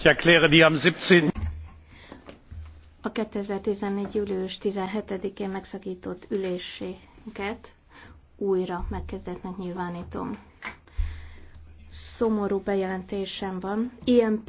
Ich erkläre die am 17. A 2014. július 17-én megszakított ülésénket újra megkezdetnek nyilvánítom. Szomorú bejelentésem van. Ilyen